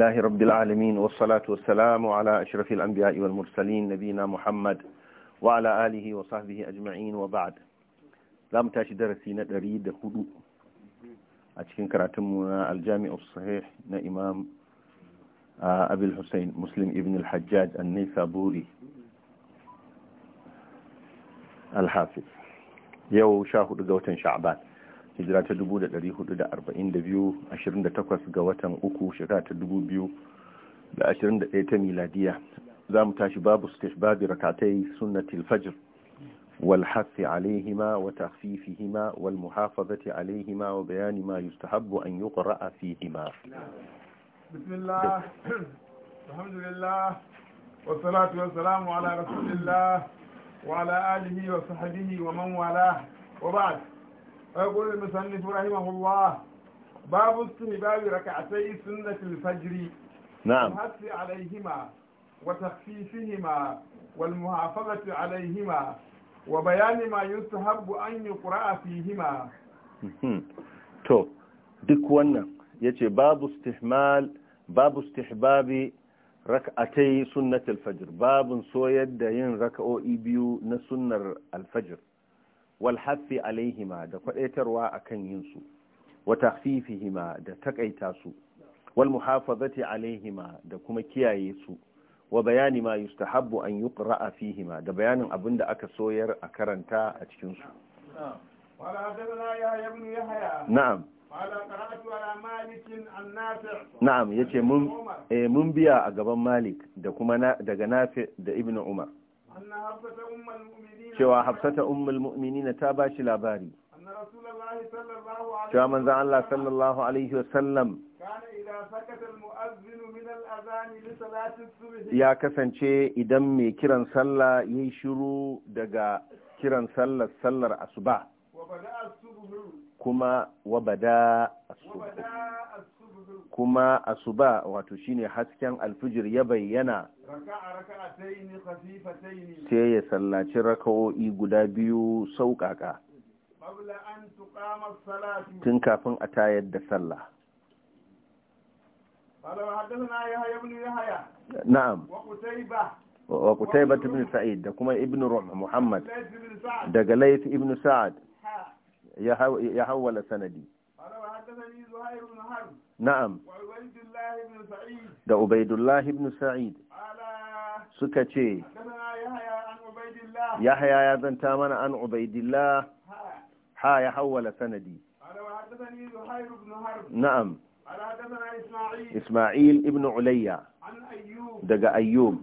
الله رب العالمين والصلاة والسلام على أشرف الأنبياء والمرسلين نبينا محمد وعلى آله وصحبه أجمعين وبعد لم تاشي درسينا دريد خدو أتكين كراتمنا الجامع الصحيح إمام آه، أبي الحسين مسلم ابن الحجاج النيسابوري الحافظ يو شاهد قوة شعبان hijira ta 1442 28 ga watan uku shekara ta 2021 ta miladiya za mu tashi babu istihbabi rakatai sunnatil fajr wal hasi alaihima wa takhfifihima wal muhafazati alaihima wa bayani ma yustahabbu an yuqra fihima bismillah alhamdulillah والصلاة والسلام على رسول الله وعلى آله وصحبه ومن والاه وبعد ويقول المصنف رحمه الله باب استهباب ركعتي سنة الفجر نعم والحث عليهما وتخفيفهما والمحافظة عليهما وبيان ما يستحب أن يقرأ فيهما تو duk wannan ya ce babu istihbabi raka'atai sunnatul fajr babun soyar da yin raka'o'i biyu na sunnar alfajir wal hafi alaihima da kwadaitarwa akan yin su wa takhfifihima da takaita su wal muhafazati alaihima da kuma kiyaye su wa bayani ma yustahabbu an yuqra'a fihima da bayanin abin da aka soyar a karanta a cikin su na'am na'am yace mun eh, mun biya a gaban malik da kuma daga nafi da ibnu umar cewa hafsata ummul mu'minin ta ba shi labari cewa manzan Allah sallallahu alaihi wasallam ya kasance idan mai kiran sallah ya yi shiru daga kiran sallar sallar asuba kuma wabada asuba kuma asuba wato shine hasken alfijir ya bayyana sai ya sallaci raka'o'i guda biyu sauƙaƙa tun kafin a tayar da sallah na'am wa ba ibn sa'id da kuma ibn muhammad daga laifi ibn sa'ad ya hawala sanadi na'am da ubaidullah ibn sa'id suka ce yahya ya zanta mana an ubaidillah ha ya hawwala sanadi na'am isma'il ibn ulayya daga ayyub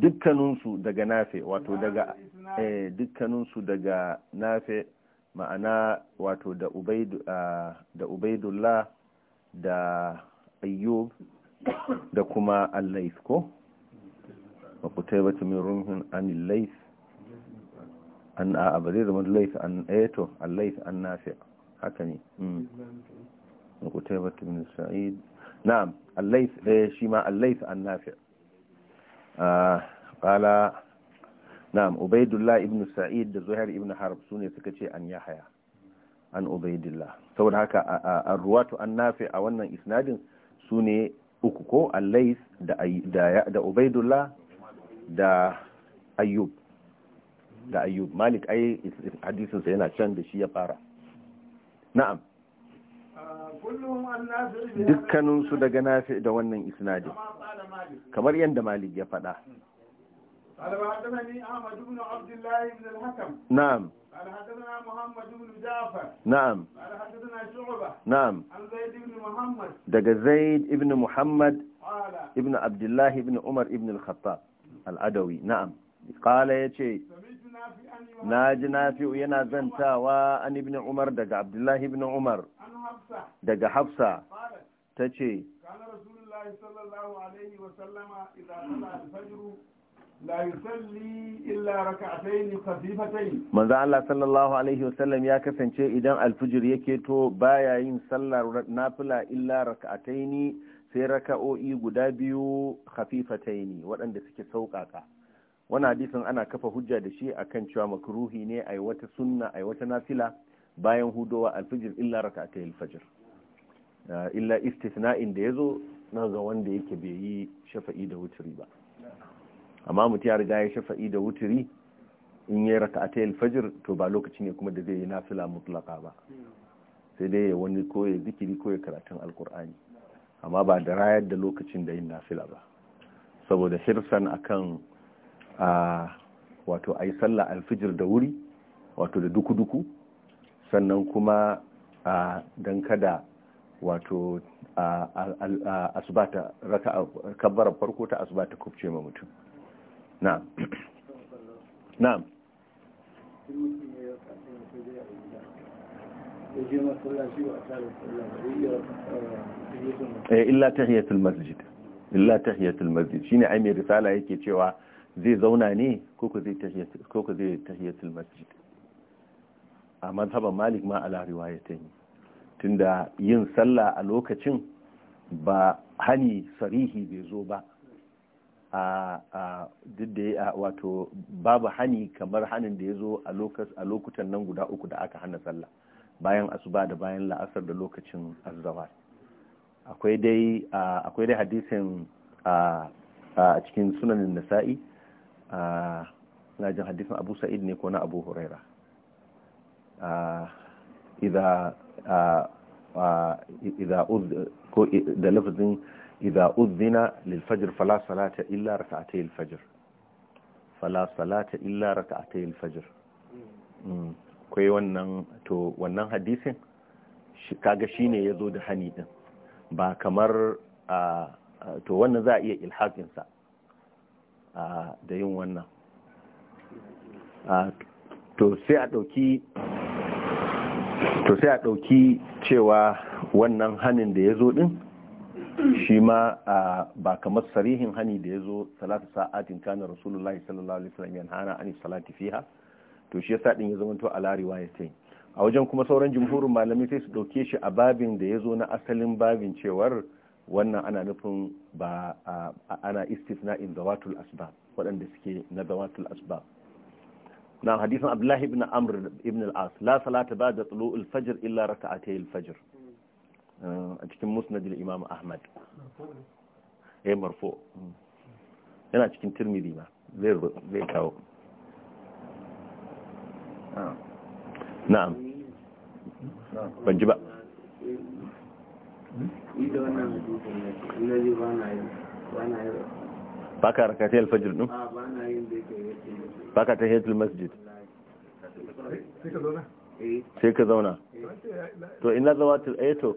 dukkaninsu dukkaninsu daga nafe ma'ana wato da ubaidullah da ayyub da kuma allais ko makutai bata min rumhin an lais an a ba zai zama lais an eto eh allais an nafi haka ne makutai mm. bata min sa'id na'am allais eh, shi ma allais an nafi ƙala na'am ubaidullah ibn sa'id da zuhair ibn harb sune suka ce an yahya an ubaidullah saboda haka a ruwatu an nafi a wannan isnadin sune uku ko allais da ubaidullah da ayyub da ayyub malik ai hadisinsa yana can da shi ya fara na'am dukkaninsu daga nafi da wannan isnadin kamar yadda malik ya faɗa قال حدثني احمد بن عبد الله بن الحكم نعم قال حدثنا محمد بن جعفر نعم قال حدثنا شعبة نعم عن زيد بن محمد دق زيد بن محمد قال ابن عبد الله بن عمر بن الخطاب العدوي نعم قال يتي ناجي نافع ينا زنتاوا عن ابن عمر دق عبد الله بن عمر عن حفصة دق حفصة قالت تتي كان رسول الله صلى الله عليه وسلم إذا طلع الفجر manzan Allah sallallahu alaihi wasallam ya kasance idan alfijir ya keto baya yin sallar nafila illa raka'ataini sai raka'o'i guda biyu hafifataini waɗanda suke sauƙaƙa wani hadisan ana kafa hujja da shi a kan cewa makruhi ne a wata sunna wata nafila bayan hudowa alfijir illa raka'atai alfajir ah, illa istithna'in da zo na ga wanda yake bai yi shafa'i da wuturi ba amma mutum ya riga ya shafa'i da wuturi in yi raka'atai fajir to ba lokaci ne kuma da zai yi nafila mutlaka ba sai dai wani koya zikiri ko ya karatun alkur'ani amma ba da rayar da lokacin da yin nafila ba saboda hirsan akan a wato ayi sallah alfijir da wuri wato da duku-duku sannan kuma a don kada wato a asibata kabbara farko ta asibata kubce ma mutum na'am na'am eh illa tahiyatul masjid illa tahiyatul masjid shine ai mai yake cewa zai zauna ne ko ko zai tahiyatul masjid a mazhaban malik ma ala riwayatayn tunda yin sallah a lokacin ba hani sarihi bai zo ba a duk da wato babu hani kamar hanin da ya zo a lokutan nan guda uku da aka hana sallah bayan asuba da bayan la'asar da lokacin azzawar akwai dai akwai dai hadisin a cikin sunanin nasa'i na jin hadisin abu sa'id ne ko na abu huraira idha ko da lafazin idza udhina للفجر فلا fala salata illa الفجر فلا fajr fala ركعتي illa rak'atay al wannan to wannan hadisin kaga shine yazo da hani din ba kamar to wannan za a iya ilhaqin sa da yin wannan to sai a ɗauki to sai a dauki cewa wannan hanin da ya zo ɗin shi ma ba kamar sarihin hani da ya zo salatu sa'atin kana rasulullahi sallallahu alaihi wasallam yan hana ani salati fiha to shi yasa din ya zama to ala riwayatain a wajen kuma sauran jumhurin malami sai su dauke shi a babin da ya zo na asalin babin cewar wannan ana nufin ba ana in zawatul asbab waɗanda suke na zawatul asbab na hadisin abdullahi ibn amr ibn al-as la salata ba da al fajr illa raka'atay al-fajr a cikin musnadil imam ahmad ya marfo yana cikin tirmidhi ma zai kawo na'am ban ji ba ba ka rakatai alfajir ɗin ba ka ta hetul masjid sai ka zauna to ina zawatul ayato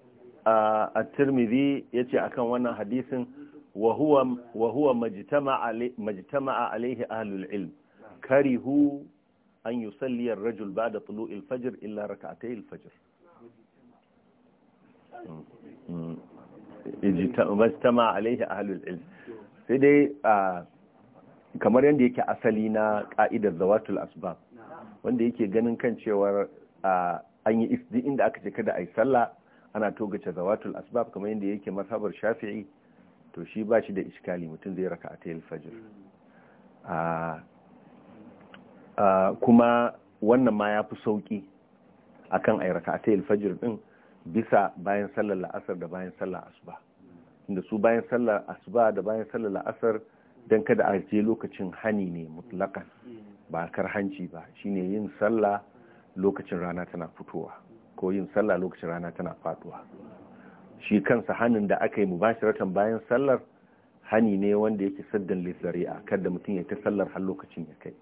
a tirmidhi ya ce akan wannan hadisin wa huwa a alaihi ahlul ilm karihu an yi salliyar rajul ba da tulu ilfajir illa raka'atai ilfajir hmm. majitama'a alaihi ahlul ilm sai dai kamar yadda yake asali na ka'idar zawatul asbab wanda yake ganin kan cewar an yi isdi inda aka ce kada a yi sallah ana togace zawatul asbab kamar yadda yake mazhabar shafi'i to shi ba shi da iskali mutum zai raka a tayil fajir hmm. ah, ah, kuma wannan ma ya fi sauƙi akan a yi raka a tayil fajir ɗin bisa bayan sallar la'asar da bayan sallar asuba hmm. inda su bayan sallar asuba da bayan sallar la'asar don kada a je lokacin hani ne mutlakan hmm. ba kar hanci ba shine yin sallah lokacin rana tana fitowa ko yin sallah lokacin rana tana faduwa shi kansa hannun da aka yi mu mubashiratan bayan sallar hani ne wanda yake saddan a kada mutum ya ta sallar har lokacin ya kai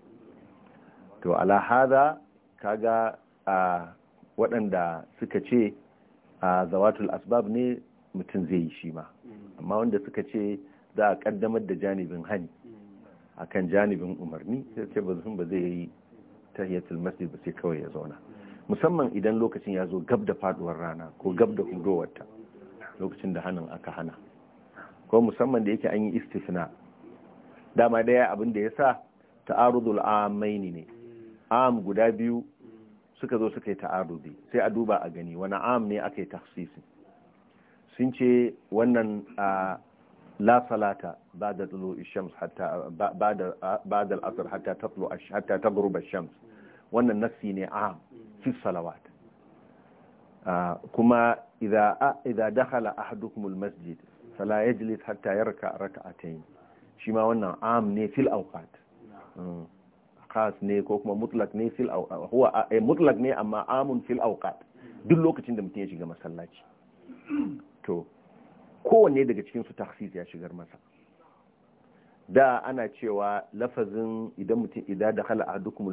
to a hada kaga a waɗanda suka ce a zawatul asbab ne mutum zai yi shi ma amma wanda suka ce za a kaddamar da janibin hani akan janibin umarni sai ce ba zai yi tahiyatul masjid ba sai kawai ya zauna musamman idan lokacin ya zo gab da faduwar rana ko gab da hudowarta lokacin da hannun aka hana ko musamman da yake an yi istisna dama daya abin da ya sa ta'arudul amaini ne am guda biyu suka zo suka yi ta'arudi sai a duba a gani wani am ne aka yi tafsisi sun ce wannan la salata ba da shams hatta ba da asr hatta tatlu hatta shams wannan nafsi ne am fi salawat ah, kuma idza dakhala ahadukum almasjid fala yajlis hatta yarka rak'atayn shi ma wannan am ne fil awqat hmm. khas ne ko kuma mutlak ne fil eh, mutlak ne amma amun fil awqat duk lokacin da mutum ya shiga masallaci to kowanne daga cikin su taksis ya shigar masa da ana cewa lafazin idan mutum idza dakhala ahadukum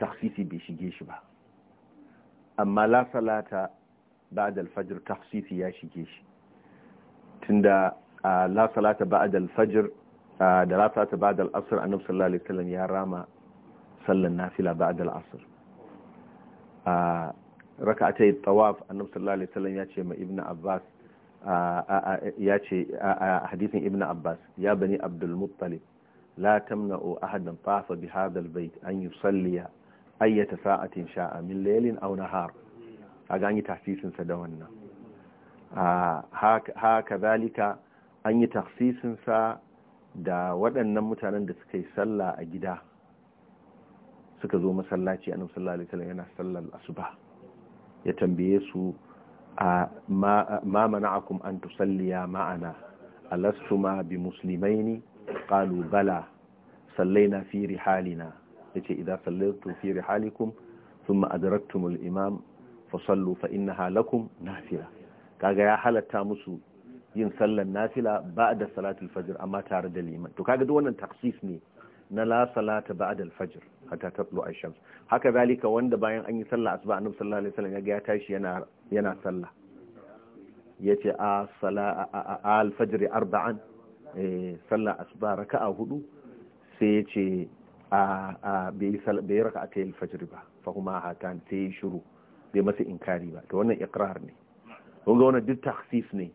taksisi bai shige shi ba amma la salata ba'd al-fajr taksisi ya shige shi tunda la salata ba'd al-fajr da la salata ba'd al-asr annabi sallallahu alaihi wasallam ya rama sallan nafila ba'd al-asr raka'atay tsawaf annabi sallallahu alaihi wasallam ya ce ma Ibn abbas ya ce a hadisin ibnu abbas ya bani abdul muttalib la tamna'u ahadan tafa bi hadha al-bayt an yusalliya ayyata sa'atin sha'a min layalin aw nahar ganye an sa da wannan ha zalika an yi tafsirin sa da waɗannan mutanen da suka yi sallah a gida suka zo masallaci annabi sallallahu alaihi wasallam yana sallar asuba ya tambaye su ma mana'akum an tusalliya ma'ana alastuma bi muslimaini qalu bala sallaina fi rihalina yace idza sallaitu fi rihalikum thumma adraktumul imam fasallu fa innaha lakum nafila kaga ya halatta musu yin sallan nafila ba'da salatul fajr amma tare da liman to kaga duk wannan taksis ne na la salata ba'da al-fajr hatta tatlu ash-shams haka zalika wanda bayan an yi sallah asuba annabi sallallahu alaihi wasallam ya tashi yana yana sallah yace a sala al-fajr arba'an eh sallah asuba raka'a hudu sai yace bai yi raka a ta fajr ba fa kuma hatan ta yi shiru bai masa inkari ba to wannan ikrar ne kun ga wannan duk tahsis ne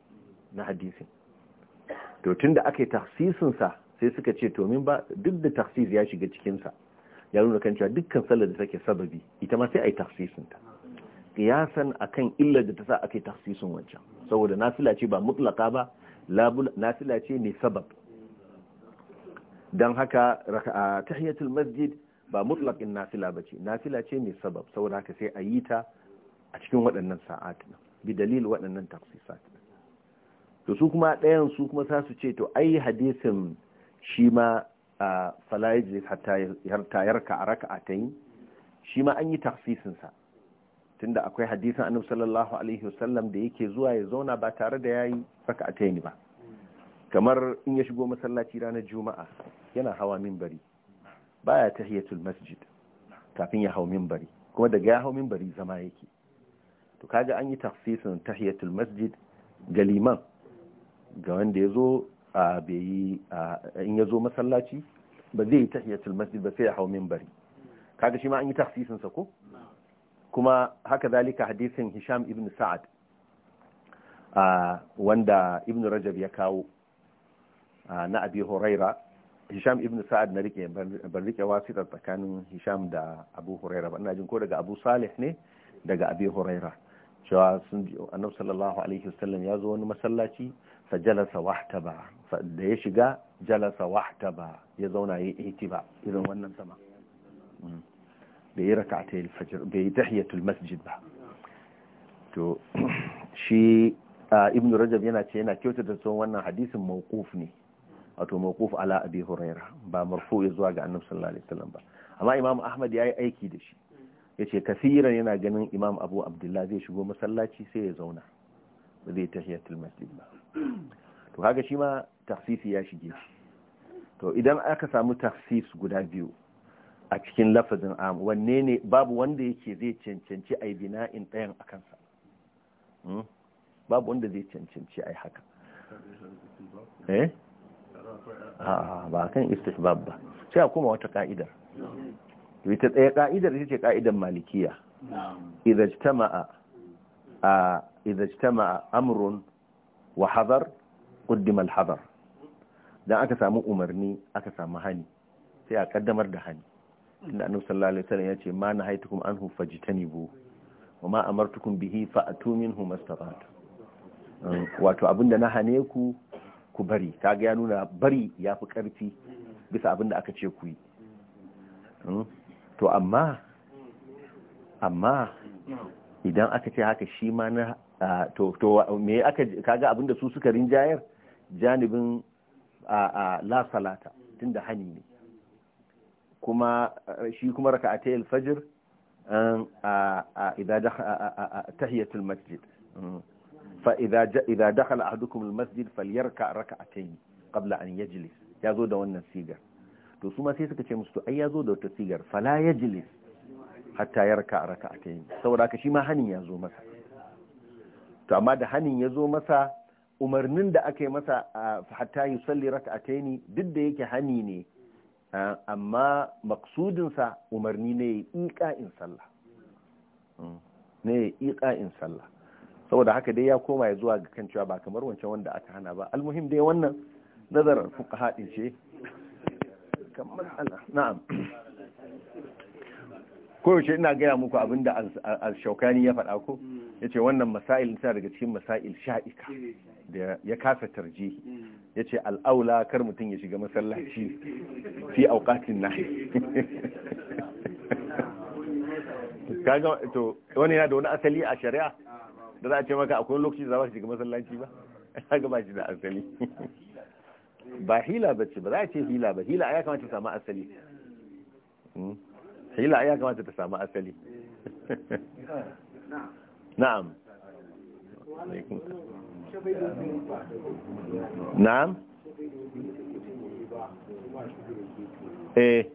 na hadisin to tunda aka yi tahsisin sa sai suka ce to min ba duk da tahsis ya shiga cikin sa ya nuna kan cewa dukkan sallar da take sababi ita ma sai a yi tahsisin ta qiyasan akan illar da ta sa aka yi tahsisin wancan saboda nasila ce ba mutlaka ba nasila ce ne sabab don haka tahiyatul masjid ba mutlaqin nafila bace nafila ce mai sabab saboda haka sai a yi ta a cikin waɗannan sa'at bi dalil waɗannan tafsisat to su kuma ɗayan su kuma sa su ce to ai hadisin shi ma falaji hatta yarka a raka'atayn shi ma an yi tafsisin sa tunda akwai hadisin annabi sallallahu alaihi wasallam da yake zuwa ya zauna ba tare da yayi raka'atayn ba kamar in ya shigo masallaci ranar juma'a yana hawa minbari baya tahiyatul masjid kafin ya hau minbari kuma daga ya hau minbari zama yake to kaga an yi tafsirin tahiyatul masjid ga liman ga wanda ya a bai in ya masallaci ba zai yi tahiyatul masjid ba sai ya hau minbari kaga shi ma an yi tafsirin sa ko kuma haka zalika hadisin Hisham ibn Sa'ad a wanda Ibn Rajab ya kawo na abi huraira hisham ibn sa'ad na rike ban rike wasita tsakanin hisham da abu huraira ba ina jin ko daga abu salih ne daga abi huraira cewa sun annab sallallahu alaihi wasallam ya zo wani masallaci fa jalasa wahtaba da ya shiga jalasa wahtaba ya zauna yayi ba irin wannan sama bai yi raka'atai alfajr bai yi tahiyatul masjid ba to shi ibn rajab yana ce yana kyautata tsohon wannan hadisin mawquf ne wato mawquf ala abi huraira ba marfu zuwa ga annabi sallallahu alaihi wasallam ba amma imam ahmad yayi aiki da shi yace kasiran yana ganin imam abu abdullahi zai shigo masallaci sai ya zauna ba zai tahiyatul masjid ba to kaga shi ma tafsisi ya shige shi to idan aka samu tafsis guda biyu a cikin lafazin am wanne ne babu wanda yake zai cancanci ai bina'in ɗayan a kansa hmm? babu wanda zai cancanci ai haka eh ba kan istihbab ba sai a koma wata ka'idar ita tsaye ka'idar ita ce ka'idar malikiya idan tama a Amurin jtama'a wa hazar hazar don dan aka samu umarni aka samu hani sai a kaddamar da hani inda annu sallallahu alaihi wasallam yace ma hufa anhu fajtanibu wa ma amartukum bihi fa'tu minhu mastata'tu wato abinda na hane ku ku bari kaga ya nuna bari ya fi ƙarfi bisa abin da aka ce ku yi hmm? to amma amma idan aka ce haka shi ma na to me aka kaga abin da su suka rinjayar janibin la salata tunda hani ne kuma shi kuma raka'atay al-fajr a idan tahiyatul masjid hmm. فإذا جاء إذا دخل أحدكم المسجد فليركع ركعتين قبل أن يجلس يا da wannan sigar to su ma sai suka ce musu to ai yazo da wata sigar fala ya hatta yarka raka saboda ka shi ma hanin ya masa to amma da hanin yazo masa umarnin da aka yi masa hatta yusalli salli duk da yake hani ne amma sa umarni ne ya iƙa in sallah ne in sallah saboda haka dai ya koma ya zuwa ga kan cewa ba kamar wancan wanda aka hana ba almuhim dai wannan nazarar fuka haɗi ce kamar ana na'am koyaushe ina gaya muku abinda al-shaukani ya faɗa ko ya ce wannan masail ta daga cikin masail sha'ika da ya kasa tarji ya ce al'aula kar mutum ya shiga masallaci fi aukatin na kaga to wani yana da wani asali a shari'a da za a ce maka akwai lokaci za ka shiga masallaci ba haka ba shi da asali ba hila ba ce ba za a ce hila ba hila ya kamata ta samu asali hmm? hila ya kamata ta samu asali na'am na'am eh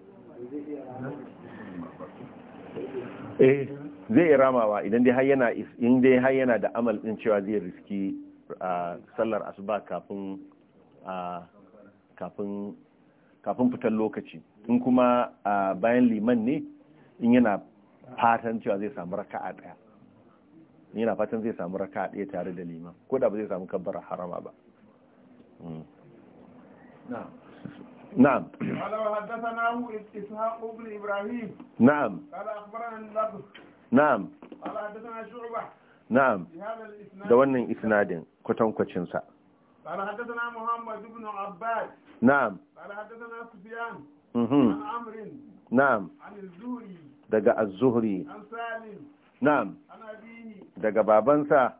eh zai iya ramawa idan dai har yana in dai har yana da amal din cewa zai riski sallar asuba kafin kafin kafin fitar lokaci in kuma bayan liman ne in yana fatan cewa zai samu raka'a daya yana fatan zai samu raka'a daya tare da liman ko da ba zai samu kabbar harama ba نعم قال وحدثناه اسحاق بن ابراهيم نعم قال اخبرنا اللفظ نعم نعم ده wannan isnadin kwatankwacin sa bana Na muhammad ibn abbas sufyan mhm amrin نعم عن الزهري daga az-zuhri an ana dini daga babansa.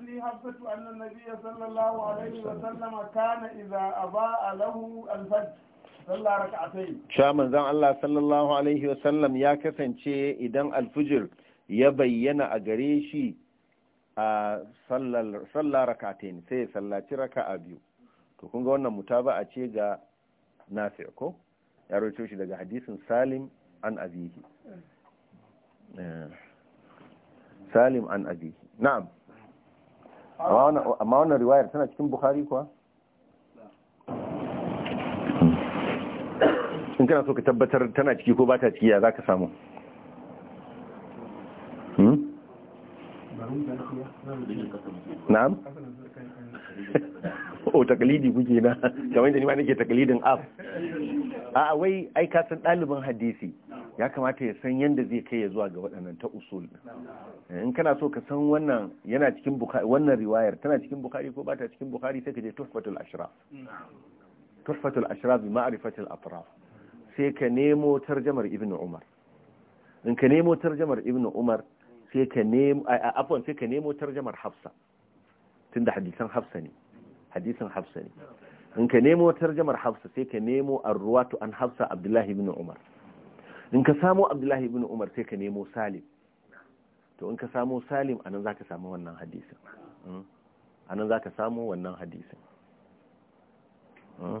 li anna sallallahu wa kana idha lahu al-fajr sha manzan Allah sallallahu alaihi wasallam ya kasance idan alfijir ya bayyana a gare shi a sallar rakatain sai ya sallaci a biyu to kun ga wannan a ce ga Nasir ko ya rawaito shi daga hadisin Salim an abihi eh, Salim an abihi na'am amma wannan riwayar tana cikin Bukhari kuwa in kana so ka tabbatar tana ciki ko bata ciki ya za ka samu hmm? na'am o oh, takalidi kuke na kamar da ni ma nake takalidin af a wai ai ka san dalibin hadisi ya kamata ya san yanda zai kai ya zuwa ga waɗannan ta usul eh, in kana so ka san wannan yana cikin bukhari wannan riwayar tana cikin bukhari ko bata cikin bukhari sai ka je tuhfatul ashraf tuhfatul ashraf bi ma'rifatul atraf sai ka nemo tarjamar ibn umar in ka nemo tarjamar ibn umar sai ka nemo afwan sai ka nemo tarjamar hafsa tunda hadisan hafsa ne hadisan hafsa ne in ka nemo tarjamar hafsa sai ka nemo arruwatu an hafsa abdullahi ibn umar in ka samo abdullahi ibn umar sai ka nemo salim to in ka samo salim anan zaka samu wannan hadisin hmm? anan zaka samu wannan hadisin hmm?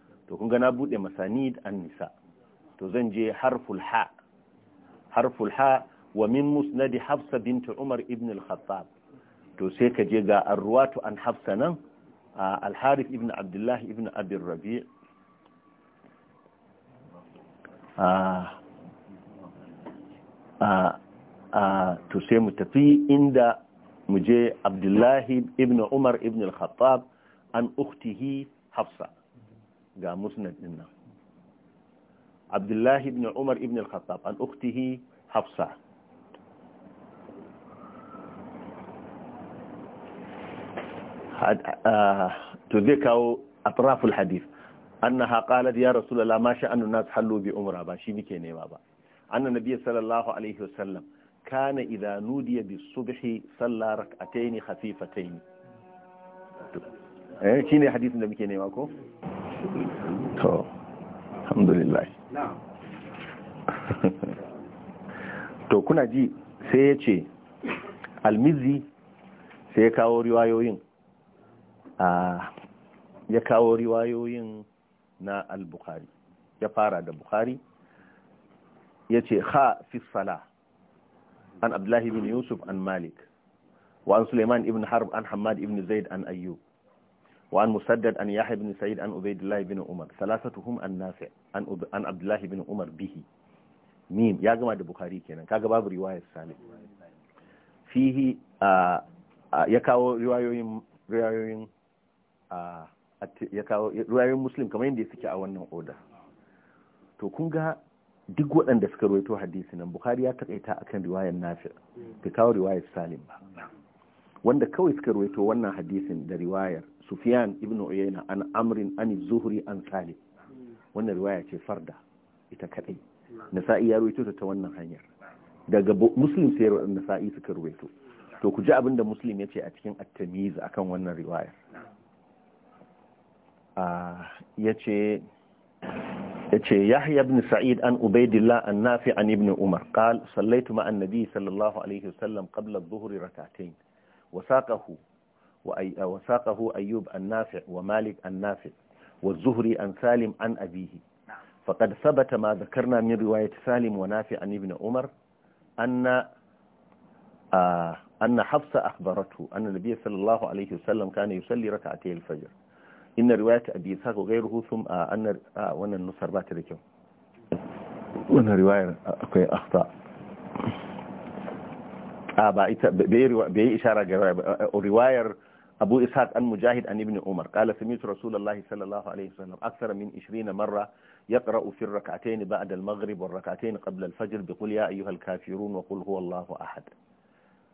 to kun ga na bude masanid an nisa to zan je harful ha harful ha wa min musnad hafsa bint umar ibn al-khattab to sai ka je ga arwatu an hafsa nan al-harith ibn abdullah ibn abi rabi' to sai mu tafi inda mu je abdullahi ibn umar ibn al-khattab an ukhtihi hafsa جا مسند لنا عبد الله بن عمر بن الخطاب عن أخته حفصة تذكر أطراف الحديث أنها قالت يا رسول الله ما شاء أن الناس حلوا بأمرا باشي بكي بابا أن النبي صلى الله عليه وسلم كان إذا نودي بالصبح صلى ركعتين خفيفتين شيني حديث النبي كي نباكو؟ to alhamdulillah to kuna ji sai ya ce almizi sai ya kawo riwayoyin ya kawo riwayoyin na al-bukhari ya fara da bukhari ya ce ha fi sala an abdullahi bin yusuf an malik wa an suleiman ibn harb an hamad ibn zaid an ayyub وعن مسدد أن يحيى بن سعيد أن عبيد الله بن عمر ثلاثتهم النافع أن عبد الله بن عمر به ميم يا جماعة البخاري كنا كاجا باب رواية سالم فيه آه آه يكاو رواية رواية آه يكاو رواية مسلم كما يندي سكي wannan order to kun ga duk waɗanda suka ruwaito hadisi nan Bukhari ya takaita akan riwayar Nafi' bai kawo riwayar Salim ba wanda kawai suka ruwaito wannan hadisin da riwayar Sufiyan ibn uyayna an amrin an zuhri an salim wannan riwaya ce farda ita kadai nasa'i ya ruwaito ta wannan hanyar daga muslim sai nasa'i suka ruwaito to ku ji abinda da muslim yace a cikin at tamiz akan wannan riwayar ah, Yace Yahya يحيى Sa'id an عن an الله النافع عن ابن عمر قال صليت Sallallahu النبي wa sallam, qabla وسلم قبل الظهر ركعتين وساقه وساقه أيوب النافع ومالك النافع والزهري أن سالم عن أبيه نعم. فقد ثبت ما ذكرنا من رواية سالم ونافع عن ابن عمر أن آه، أن حفصة أخبرته أن النبي صلى الله عليه وسلم كان يصلي ركعتي الفجر إن رواية أبي إسحاق وغيره ثم آه، أن آه، وأن النصر بات ركو وأن رواية أخي أخطاء آه بأي إشارة رواية أبو إسحاق عن مجاهد عن ابن عمر قال سمعت رسول الله صلى الله عليه وسلم أكثر من 20 مرة يقرأ في الركعتين بعد المغرب والركعتين قبل الفجر بقول يا أيها الكافرون وقل هو الله أحد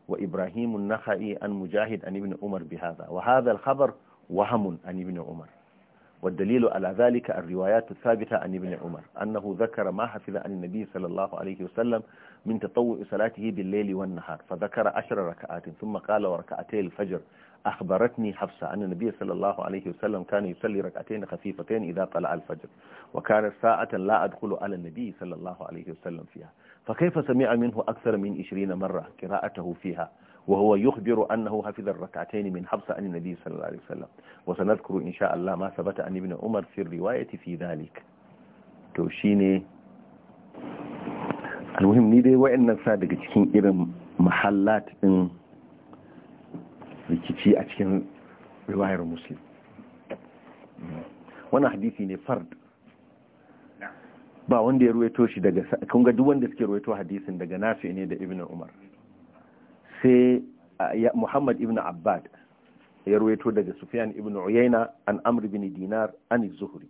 وإبراهيم النخعي عن مجاهد عن ابن عمر بهذا وهذا الخبر وهم عن ابن عمر والدليل على ذلك الروايات الثابتة عن ابن عمر أنه ذكر ما حفظ عن النبي صلى الله عليه وسلم من تطوع صلاته بالليل والنهار فذكر عشر ركعات ثم قال وركعتي الفجر أخبرتني حفصة أن النبي صلى الله عليه وسلم كان يصلي ركعتين خفيفتين إذا طلع الفجر وكانت ساعة لا أدخل على النبي صلى الله عليه وسلم فيها فكيف سمع منه أكثر من عشرين مرة قراءته فيها وهو يخبر أنه حفظ الركعتين من حفصة عن النبي صلى الله عليه وسلم وسنذكر إن شاء الله ما ثبت عن ابن عمر في الرواية في ذلك توشيني المهم نيدي وإن نفسها دقيقين إرم محلات irin rikici a cikin riwayar muslim wannan hadisi ne fard ba wanda ya ruwaito shi daga kun duk wanda suke ruwaito hadisin daga nafi ne da ibn umar sai muhammad ibn abbad ya ruwaito daga sufyan ibn uyayna an amr bin dinar an zuhri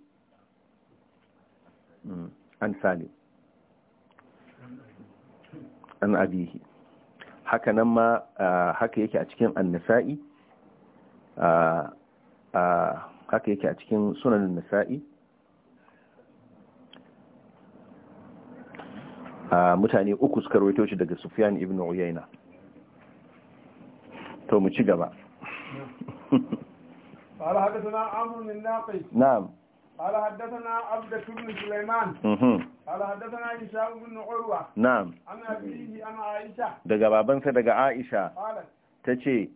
hmm. an salim an abihi haka nan ma haka yake a cikin annisa'i haka yake a cikin sunan nisa'i mutane uku suka rawaito shi daga sufyan ibn uyayna to mu ci gaba قال حدثنا عمرو بن ناقي نعم قال حدثنا عبدة بن سليمان Na'am. Da babansa daga Aisha tace ce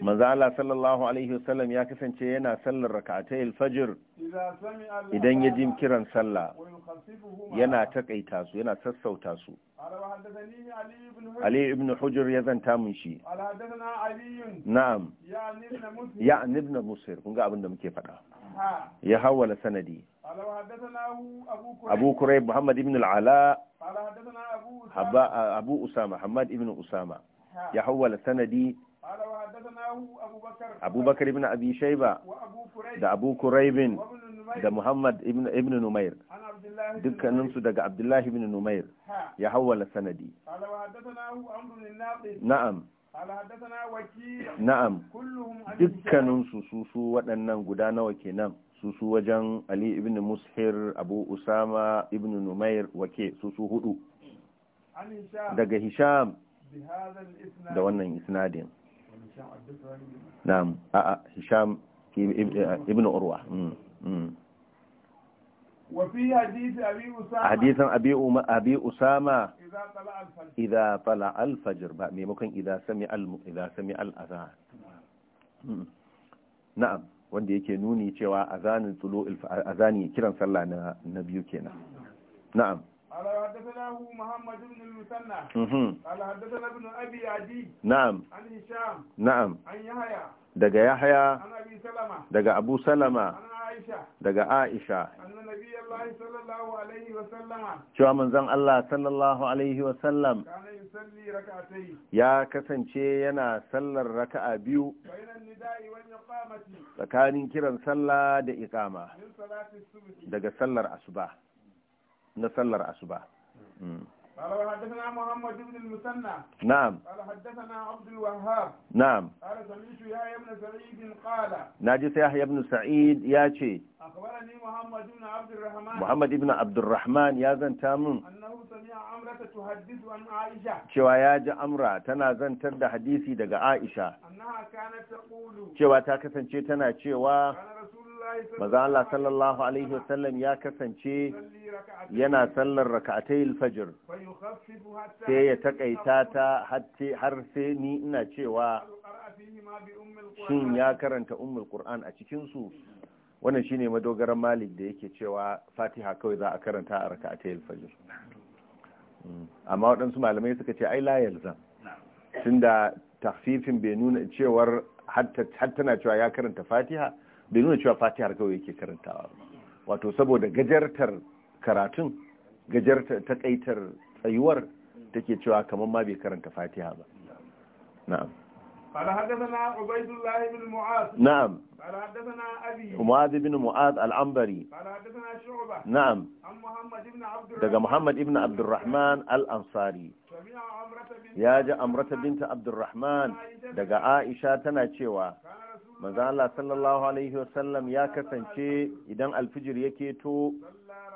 maza Sallallahu alaihi wa ya kasance yana sallar rakatai alfajir idan ya ji kiran salla, yana taƙaita su yana sassauta su. Alayyu Ibn Hujur, ya zanta mun shi. Na'am. Ya anibna Musa, kunga abin da muke faɗa. ya hawala sanadi abu kurai muhammad ibn al'ala uh, abu usama muhammad ibn usama ya hawala sanadi abubakar ibn abi shaiba da abu kuraibin da muhammad ibn numair dukkaninsu daga abdullahi ibn numair ya hawala sanadi na'am na'am dukkaninsu su su waɗannan guda nawa kenan su su wajen ali ibn mushir abu usama ibn numair wake su su hudu daga hisham da wannan isnadin na'am a'a hisham ibn urwa وفي حديث أبي أسامة حديث أبي أبي أسامة إذا طلع الفجر إذا طلع الفجر ممكن إذا سمع الم... إذا سمع الأذان نعم wanda yake nuni cewa azanin tsulo azani kiran sallah na na biyu kenan na'am قال حدثناه محمد بن المثنى قال حدثنا ابن ابي عدي نعم عن هشام نعم عن يحيى دغا يحيى عن ابي سلمة دغا ابو سلمة عن عائشة دغا عائشة ان نبي الله صلى الله عليه وسلم شو من زن الله صلى الله عليه وسلم يا كسنشي yana sallar raka'a biyu tsakanin kiran sallah da ikama daga sallar asuba na sallar asuba قال وحدثنا محمد بن المثنى نعم قال حدثنا عبد الوهاب نعم قال سمعت يحيى بن سعيد قال ناجي يحيى بن سعيد ياتي اخبرني محمد بن عبد الرحمن محمد بن عبد الرحمن يا زنتامن انه سمع عمرة تحدث عن عائشة cewa ya ji amra tana zantar da hadisi daga Aisha annaha kanat taqulu cewa ta kasance tana cewa maza Allah sallallahu alaihi wasallam ya kasance yana sallar raka'atai alfajr sai ya takaita ta har sai ni ina cewa shin ya karanta umar qur'an a cikinsu su wannan shine madogaran malik da yake cewa fatiha kawai za a karanta a raka'atai alfajr hmm. amma waɗansu malamai suka ce ai la yalzam tunda tafsifin bai nuna cewar hatta tana cewa ya karanta fatiha da nuna cewa fatihar kawai yake karantawa wato saboda gajartar karatun gajartar takaitar tsayuwar take cewa kamar ma bai karanta fatiha ba na'am na'am Muaz ibn Muaz al’ambari na’am daga Muhammad ibn Abdurrahman al’ansari ya ji amrata binta Abdurrahman daga Aisha tana cewa manzan Allah sallallahu alaihi wasallam ya kasance idan alfijir ya keto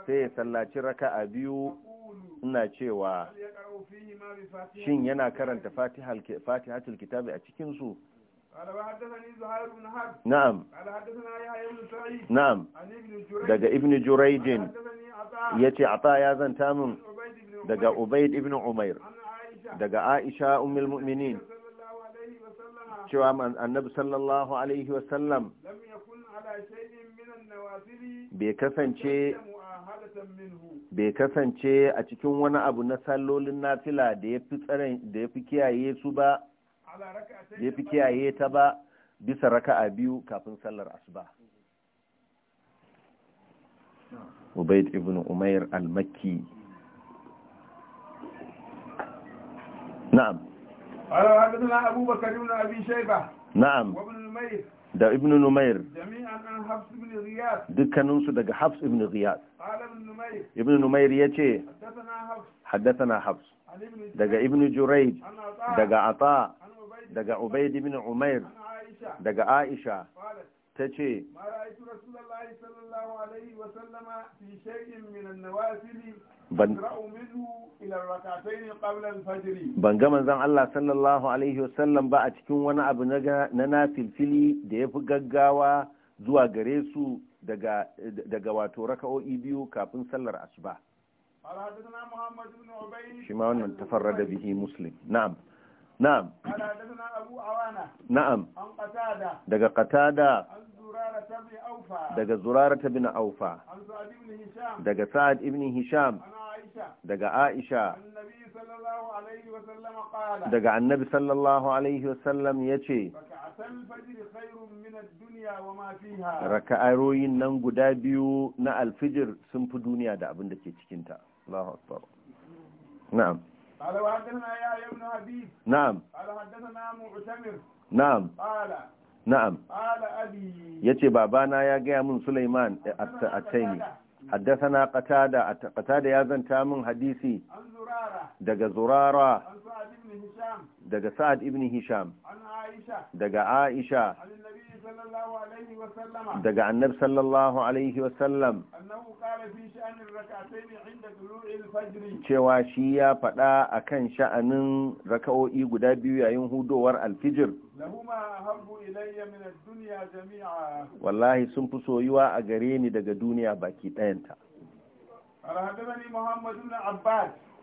sai ya sallaci a biyu ina cewa shin yana karanta fatihatul kitabi a cikinsu. na'am na'am daga ibn juraidin yace ata ya zanta min daga ubayd ibn umair daga aisha ummul mu'minin cewa annabi sallallahu alaihi wasallam bai kasance bai kasance a cikin wani abu na sallolin nafila da ya fi da kiyaye su ba da ya fi kiyaye ta ba bisa raka'a biyu kafin sallar asuba Ubaid ibn Umair al-Makki na'am قال حدثنا أبو بكر بن أبي شيبة نعم وابن المير da ibn numair dukkaninsu daga hafs ibn ghiyas ibn numair ya ce haddathana hafs daga ibn juraid daga ata daga ubaid ibn umair daga aisha ta ce ban ga manzon Allah sallallahu alaihi wasallam ba a cikin wani abu na nafilfili da ya fi gaggawa zuwa gare su daga wato raka'o'i biyu kafin sallar asuba shi ma wannan da bihi muslim na'am na'am na'am daga qatada daga zurara ta bin aufa daga sa'ad ibn hisham daga aisha daga annabi sallallahu alaihi wasallam ya ce raka'aroyin nan guda biyu na alfijir sun fi duniya da abin da ke cikinta Allahu akbar na'am قال وحدثنا يا ابن حبيب نعم قال حدثنا معتمر نعم قال na'am ya ce babana ya gaya min suleiman a taimi na na katada ya zanta min hadisi daga zurara daga sa'ad ibn hisham daga aisha daga annab sallallahu alaihi wasallam cewa shi ya faɗa a kan sha'anin raka'o'i guda biyu yayin hudowar alfijir wallahi sun fi soyuwa a gare ni daga duniya baki ɗayanta.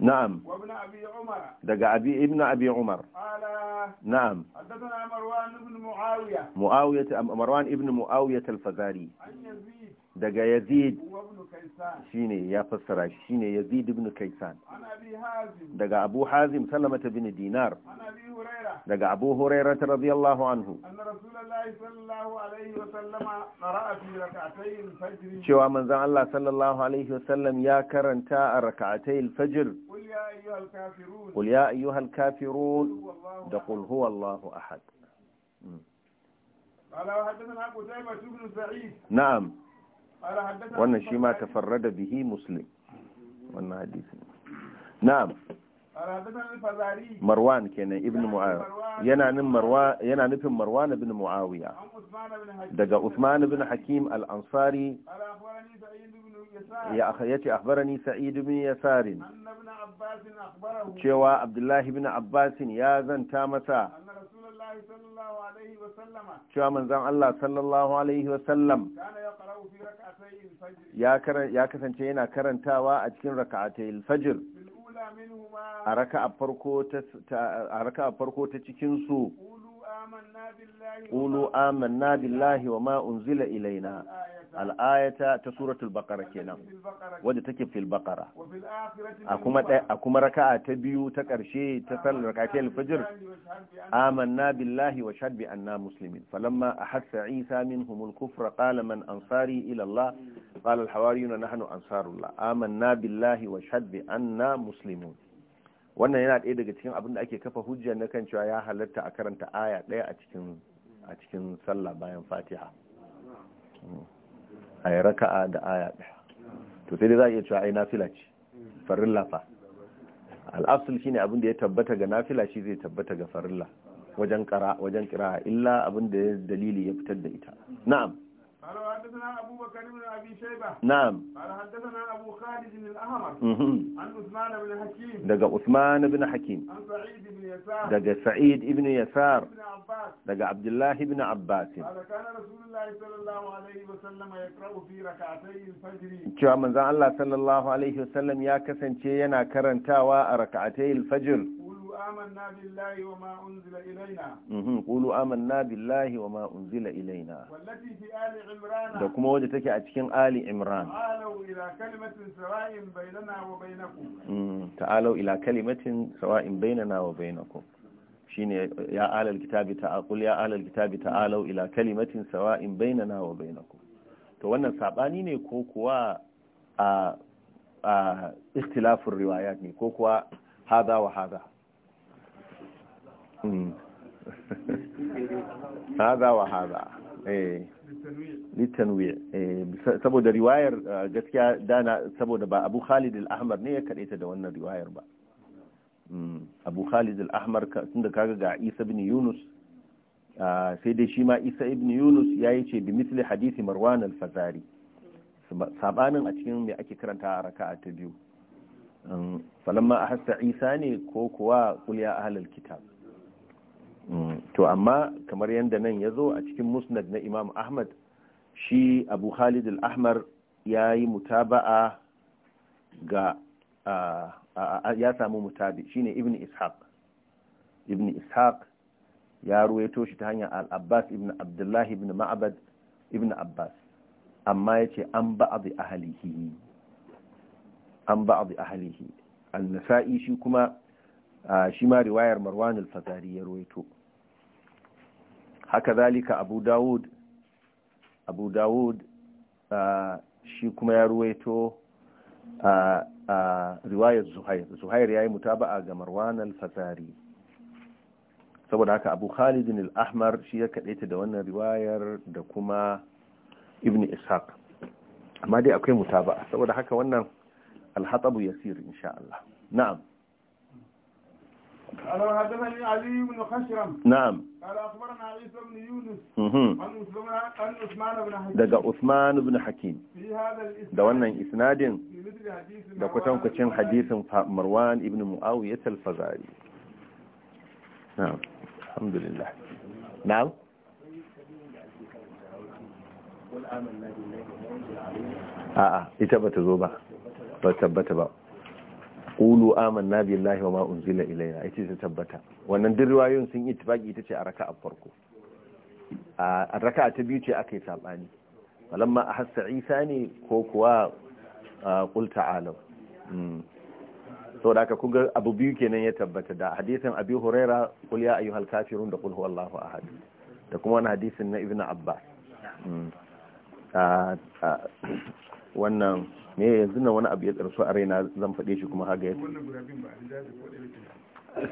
نعم وابن أبي عمر دقى أبي ابن أبي عمر قال نعم حدثنا مروان بن معاوية معاوية مروان ابن معاوية الفزاري عن يزيد daga yazid shi ne ya fassara shi ne yazid ibn kaisan daga abu hazim salamata bin dinar daga abu huraira radiyallahu anhu cewa manzon Allah sallallahu alaihi wasallam ya karanta a rak'atayil fajr qul ya ayyuhal kafirun da qul huwallahu ahad قال hmm. wannan shi ma tafarrada bihi muslim wannan hadisi na'am marwan kenan ibn mu'awiya yana nufin marwan yana nufin marwan ibn mu'awiya daga usman ibn hakim al-ansari ya yace akhbarani sa'id ibn yasar cewa abdullahi ibn abbas ya zanta masa cewa manzan Allah sallallahu alaihi wasallam ya kasance yana karantawa a cikin raka'atai fajr a raka a farko ta cikinsu ulu qulu amanna billahi wa ma unzila ilaina al'ayata ta suratul baqara kenan wadda take fil baqara a kuma a kuma raka'a ta biyu ta karshe ta sallar raka'atul fajr amanna billahi wa shahid bi anna muslimin falamma ahassa isa minhum al-kufra qala man ansari ila allah qala al-hawariyuna nahnu ansarullah amanna billahi wa shahid bi anna muslimun wannan yana ɗaya daga cikin abin da ake kafa hujja na kan cewa ya halatta a karanta aya ɗaya a cikin a cikin sallah bayan fatiha hmm. a yi raka'a da aya ɗaya to sai dai za a iya cewa ai nafila ce farilla fa al'asul shine abin da ya tabbata ga nafila shi zai tabbata ga farilla wajen wajen kira illa abin da dalili ya fitar da ita na'am قال حدثنا أبو بكر بن أبي شيبة نعم قال حدثنا أبو خالد بن الأحمر عن عثمان بن حكيم دقى عثمان بن حكيم عن سعيد بن يسار دقى سعيد بن يسار بن عباس دقى عبد الله بن عباس قال كان رسول الله صلى الله عليه وسلم يقرأ في ركعتي الفجر cewa manzon Allah sallallahu alaihi wasallam ya kasance yana karantawa a raka'atayil fajr آمنا بالله وما أنزل إلينا قولوا آمنا بالله وما أنزل إلينا والتي في آل عمران da kuma waje take a cikin Ali Imran ta'alu ila kalimatin sawa'in bainana wa bainakum bainana wa bainakum ya alal kitabi ta'aqul ya alal kitabi ta'alu ila bainana wa to wannan saɓani ne ko kuwa a a riwayat ne ko kuwa hada wa hada Hmm. haza wa haza eh. littanwiya eh, saboda riwayar eh, gaskiya dana saboda ba abu khalid al-ahmar ne ya kaɗe ta da wannan riwayar ba hmm. abu khalid al-ahmar tunda kaga ga isa ibn yunus ah, sai dai shi ma isa ibn yunus ya yi ce bi misli hadisi marwan al-fazari a cikin me ake karanta a raka'a ta biyu hmm. falamma ahassa isa ne ko kuwa qul ya ahlal kitab Mm. to amma kamar yadda nan ya zo a cikin musnad na imam ahmad shi abu khalid al-ahmar ya yi mutaba'a ga ya samu mutabi shine ibn ishaq ibn ishaq ya ruwaito shi ta hanyar al-abbas ibn abdullahi ibn ma'abad ibn abbas amma ya ce an ba'adu ahalihi an ba'adu ahalihi al nasa'i shi kuma shi ma riwayar marwan al ya ruwaito haka zalika abu dawud abu dawud shi kuma ya ruwaito a riwayar zuhair zuhair ya yi mutaba'a ga marwan al-fazari saboda haka abu khalidin al-ahmar shi ya kaɗaita da wannan riwayar da kuma ibn ishaq amma dai akwai mutaba'a saboda haka wannan Alhatsabu yasir insha na'am قال حدثني علي بن خشرم نعم قال اخبرنا عيسى بن يونس عن عثمان بن حكيم دقا عثمان بن حكيم في هذا الاسناد ده wannan isnadin da kutan kucin hadisin Marwan ibn Muawiyah al نعم الحمد لله نعم والامن الذي لا ينزل عليه اه اه ايه تبت الزوبة تبت الزوبة qulu amanna billahi wa ma unzila ilayna ita ta tabbata wannan duk riwayoyin sun yi tabaki ita ce a raka'a farko a raka'a ta biyu ce aka yi sabani walamma ahassa isa ne ko kuwa qul ta'alu hmm. saboda haka kuga abu biyu kenan ya tabbata da hadisin abi huraira qul ya ayyuhal kafirun da qul huwallahu ahad da kuma wani hadisin na ibnu abbas hmm. wannan me yanzu na wani abu ya tsarsu a raina zan faɗe shi kuma haga ya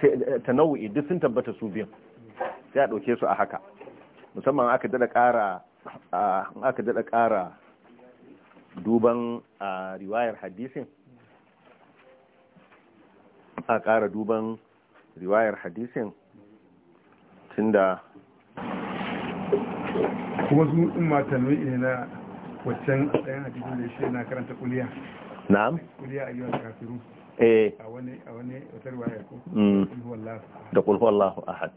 eh, nau'i duk sun tabbata su biyan sai a ɗauke su a haka musamman aka dada ƙara aka ƙara duban a riwayar hadisin a ƙara duban riwayar hadisin tunda kuma sun umma tanawu'i ne na waccan ɗayan hadisin da shi na karanta kuliya na'am kuliya a yiwuwar kafiru eh a wani a wani wata riwaya ko mm. da kulhu Allahu ahad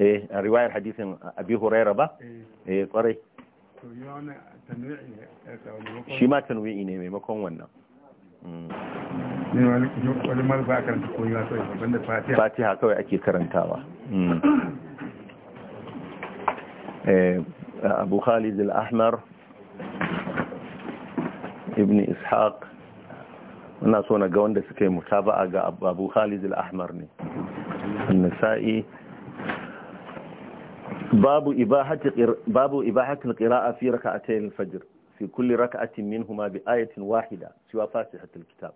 eh a riwayar hadisin abi huraira ba eh, eh kwarai to yi shi ma tanwi'i ne maimakon wannan mm. wani mara ba a karanta koyewa kawai banda fatiha fatiha kawai ake karantawa mm. eh, abu khalid al-ahmar ibn ishaq ina so na ga wanda suka yi mutaba'a ga abu khalid al-ahmar ne nisa'i babu ibahatin ƙira'a fi raka a tayin fi kulli raka'atin min huma bi ayatin wahida siwa fasihatul kitab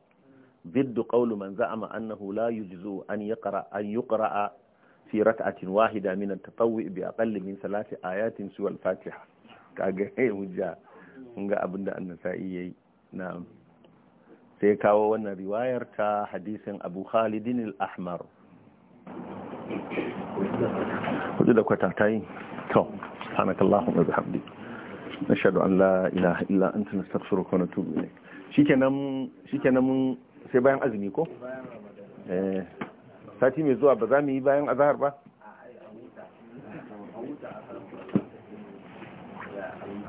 ضد قول من زعم أنه لا يجزو أن يقرأ, أن يقرأ في ركعة واحدة من التطوع بأقل من ثلاث آيات سوى الفاتحة كأجهي وجاء هنجا أبن النسائي na sai kawo wannan riwayar ta hadisin abu khalidin al-ahmar kudu da kwatatai to subhanakallahu wa bihamdi nashhadu an la ilaha illa anta nastaghfiruka wa natubu ilayk shikenan shikenan sai bayan azumi ko eh sati mai zuwa ba za mu yi bayan azahar ba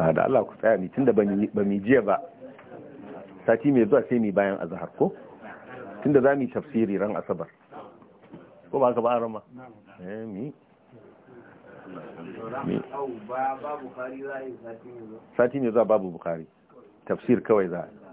ah, da Allah ku tsaya ni tun da ba mu jiya ba sati mai zuwa sai mai bayan azahar ko tunda za mu yi tafsiri ran asabar ko ba ka ba rama eh mi sati mai zuwa babu bukari tafsir kawai za a